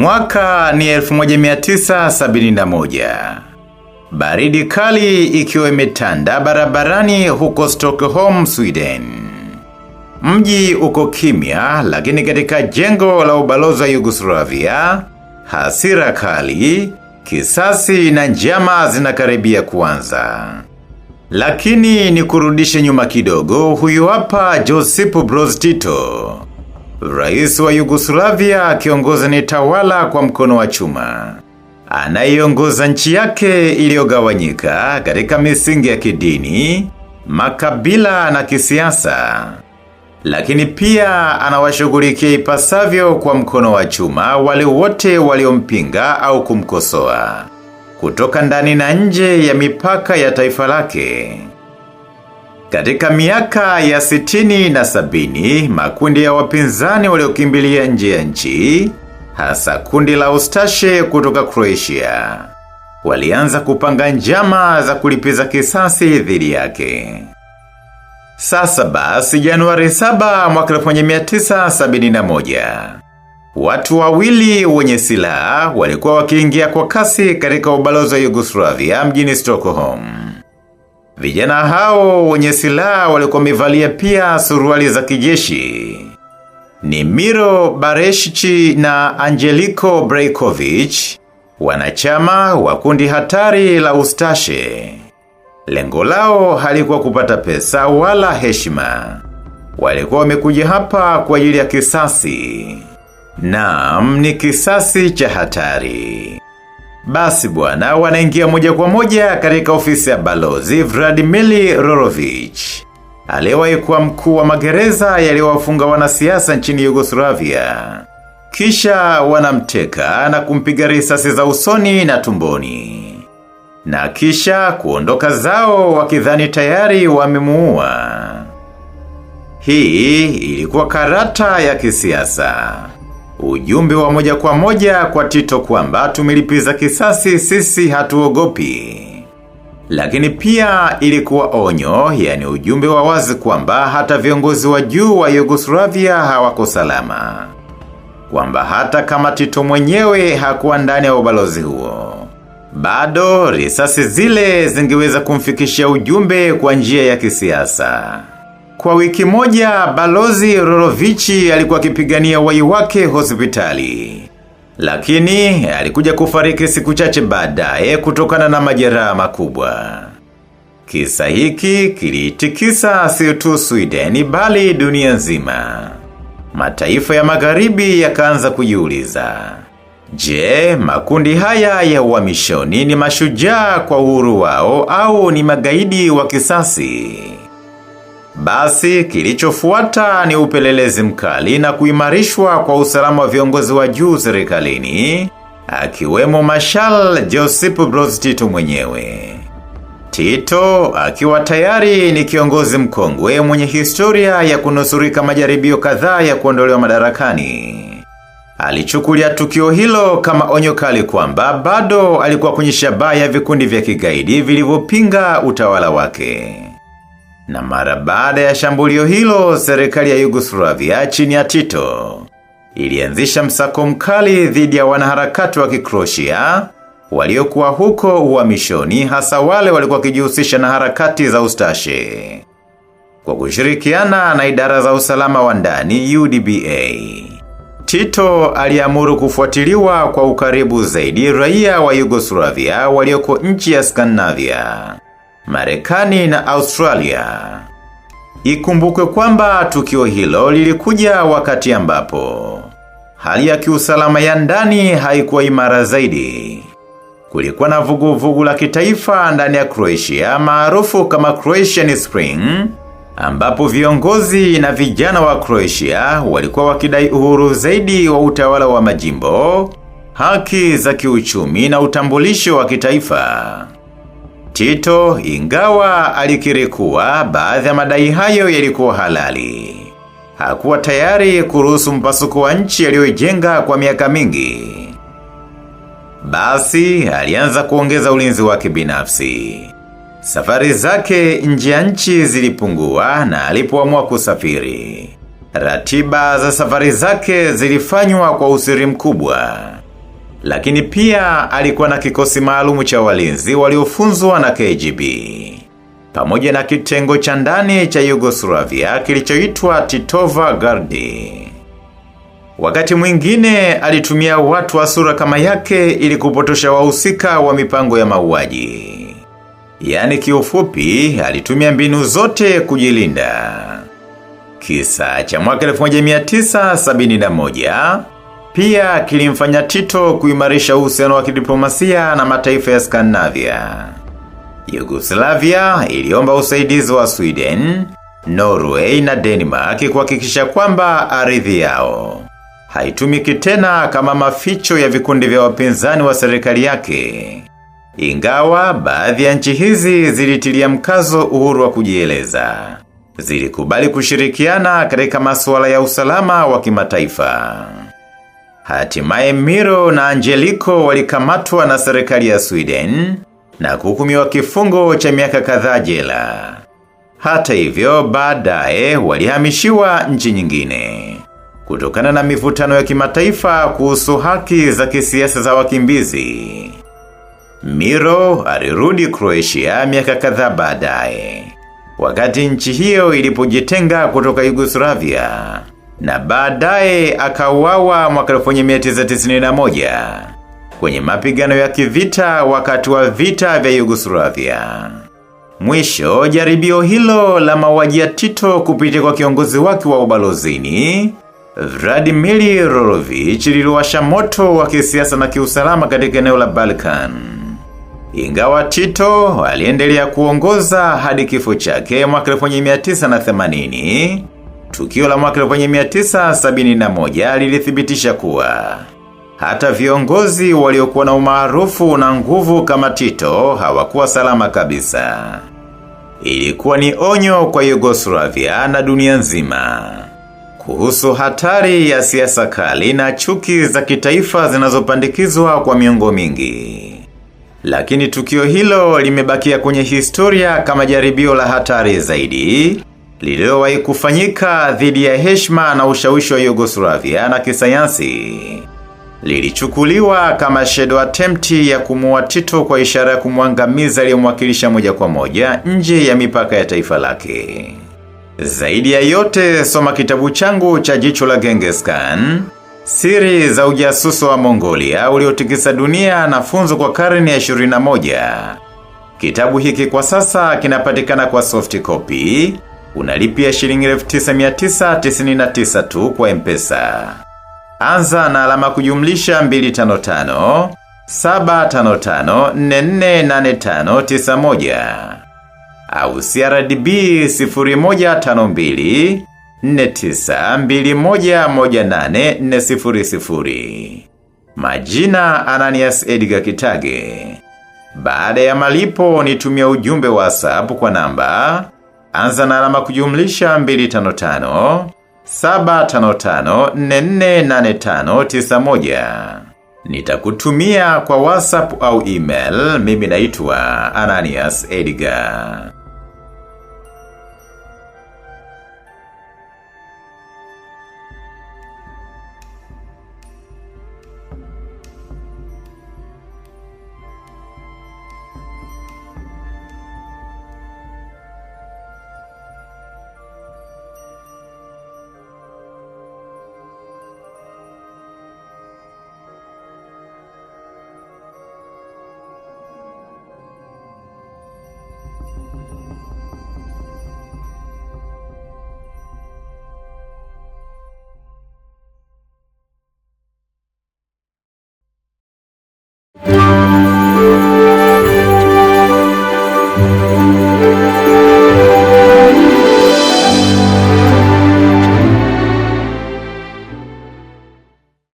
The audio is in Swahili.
Mwaka ni 1971. Baridi kali ikiwa imetanda barabarani huko Stockholm, Sweden. Mji uko kimya, lakini katika jengo la ubalozi wa Yugoslavia, hasira kali, kisasi na njama zinakaribia kuanza. Lakini ni kurudishe nyuma kidogo, huyu hapa Josip Broz Tito Rais wa Yugoslavia akiongoza ni tawala kwa mkono wa chuma anayeongoza nchi yake iliyogawanyika katika misingi ya kidini, makabila na kisiasa, lakini pia anawashughulikia ipasavyo kwa mkono wa chuma wale wote waliompinga au kumkosoa kutoka ndani na nje ya mipaka ya taifa lake. Katika miaka ya sitini na sabini, makundi ya wapinzani waliokimbilia nje ya nchi, hasa kundi la Ustashe kutoka Croatia, walianza kupanga njama za kulipiza kisasi dhidi yake. Sasa basi Januari sabini na moja. watu wawili wenye silaha walikuwa wakiingia kwa kasi katika ubalozi wa Yugoslavia mjini Stockholm. Vijana hao wenye silaha walikuwa pia suruali za kijeshi. Ni Miro Bareshichi na Angeliko Brejkovic, wanachama wa kundi hatari la Ustashe. Lengo lao halikuwa kupata pesa wala heshima. Walikuwa wamekuja hapa kwa ajili ya kisasi. Naam, ni kisasi cha hatari. Basi bwana, wanaingia moja kwa moja katika ofisi ya balozi Vladimir Rorovich aliyewahi kuwa mkuu wa magereza yaliyowafunga wanasiasa nchini Yugoslavia. Kisha wanamteka na kumpiga risasi za usoni na tumboni, na kisha kuondoka zao wakidhani tayari wamemuua. Hii ilikuwa karata ya kisiasa. Ujumbe wa moja kwa moja kwa Tito kwamba tumelipiza kisasi, sisi hatuogopi. Lakini pia ilikuwa onyo, yani ujumbe wa wazi kwamba hata viongozi wa juu wa Yugoslavia hawako salama, kwamba hata kama Tito mwenyewe hakuwa ndani ya ubalozi huo, bado risasi zile zingeweza kumfikishia ujumbe kwa njia ya kisiasa. Kwa wiki moja Balozi Rorovichi alikuwa akipigania wai wake hospitali, lakini alikuja kufariki siku chache baadaye kutokana na majeraha makubwa. Kisa hiki kilitikisa sio tu Sweden bali dunia nzima. Mataifa ya magharibi yakaanza kujiuliza, je, makundi haya ya uhamishoni ni mashujaa kwa uhuru wao au ni magaidi wa kisasi? Basi kilichofuata ni upelelezi mkali na kuimarishwa kwa usalama wa viongozi wa juu serikalini, akiwemo Marshal Joseph Broz Tito mwenyewe. Tito akiwa tayari ni kiongozi mkongwe mwenye historia ya kunusurika majaribio kadhaa ya kuondolewa madarakani. Alichukulia tukio hilo kama onyo kali kwamba bado alikuwa kwenye shabaha ya vikundi vya kigaidi vilivyopinga utawala wake na mara baada ya shambulio hilo serikali ya Yugoslavia chini ya Tito ilianzisha msako mkali dhidi ya wanaharakati wa Kikroshia waliokuwa huko uhamishoni, hasa wale walikuwa wakijihusisha na harakati za ustashe kwa kushirikiana na idara za usalama wa ndani UDBA. Tito aliamuru kufuatiliwa kwa ukaribu zaidi raia wa Yugoslavia walioko nchi ya Skandinavia Marekani na Australia. Ikumbukwe kwamba tukio hilo lilikuja wakati ambapo hali ya kiusalama ya ndani haikuwa imara zaidi. Kulikuwa na vuguvugu vugu la kitaifa ndani ya Croatia maarufu kama Croatian Spring, ambapo viongozi na vijana wa Croatia walikuwa wakidai uhuru zaidi wa utawala wa majimbo, haki za kiuchumi na utambulisho wa kitaifa. Tito ingawa alikiri kuwa baadhi ya madai hayo yalikuwa halali, hakuwa tayari kuruhusu mpasuko wa nchi aliyoijenga kwa miaka mingi. Basi alianza kuongeza ulinzi wake binafsi. Safari zake nje ya nchi zilipungua na alipoamua kusafiri, ratiba za safari zake zilifanywa kwa usiri mkubwa lakini pia alikuwa na kikosi maalumu cha walinzi waliofunzwa na KGB pamoja na kitengo cha ndani cha Yugoslavia kilichoitwa Titova Gardi. Wakati mwingine alitumia watu wa sura kama yake ili kupotosha wahusika wa mipango ya mauaji. Yaani kiufupi alitumia mbinu zote kujilinda. Kisa cha mwaka 1971 pia kilimfanya Tito kuimarisha uhusiano wa kidiplomasia na mataifa ya Skandinavia. Yugoslavia iliomba usaidizi wa Sweden, Norway na Denmark kuhakikisha kwamba ardhi yao haitumiki tena kama maficho ya vikundi vya wapinzani wa serikali yake. Ingawa baadhi ya nchi hizi zilitilia mkazo uhuru wa kujieleza, zilikubali kushirikiana katika masuala ya usalama wa kimataifa. Hatimaye Miro na Angelico walikamatwa na serikali ya Sweden na kuhukumiwa kifungo cha miaka kadhaa jela. Hata hivyo, baadaye walihamishiwa nchi nyingine kutokana na mivutano ya kimataifa kuhusu haki za kisiasa za wakimbizi. Miro alirudi Croatia miaka kadhaa baadaye wakati nchi hiyo ilipojitenga kutoka Yugoslavia na baadaye akauawa mwaka 1991 kwenye mapigano ya kivita wakati wa vita vya Yugoslavia. Mwisho, jaribio hilo la mauaji ya Tito kupitia kwa kiongozi wake wa ubalozini Vladimir rorovich liliwasha moto wa kisiasa na kiusalama katika eneo la Balkan. Ingawa Tito aliendelea kuongoza hadi kifo chake mwaka 1980 Tukio la mwaka moja lilithibitisha kuwa hata viongozi waliokuwa na umaarufu na nguvu kama Tito hawakuwa salama kabisa. Ilikuwa ni onyo kwa Yugoslavia na dunia nzima kuhusu hatari ya siasa kali na chuki za kitaifa zinazopandikizwa kwa miongo mingi. Lakini tukio hilo limebakia kwenye historia kama jaribio la hatari zaidi lililowahi kufanyika dhidi ya heshima na ushawishi wa Yugoslavia na kisayansi lilichukuliwa kama shadow attempt ya kumuua Tito kwa ishara ya kumwangamiza aliyomwakilisha moja kwa moja nje ya mipaka ya taifa lake. Zaidi ya yote, soma kitabu changu cha Jicho la Genghis Khan, Siri za ujasusi wa Mongolia uliotikisa dunia na funzo kwa karne ya 21. Kitabu hiki kwa sasa kinapatikana kwa soft copy unalipia shilingi tisa tu kwa mpesa. Anza na alama kujumlisha nane tano tisa moja au CRDB sifuri sifuri. Majina Ananias Edga Kitage. Baada ya malipo nitumia ujumbe WhatsApp kwa namba Anza na alama kujumlisha 255 755 4485 91. Nitakutumia kwa WhatsApp au email. Mimi naitwa Ananias Edgar.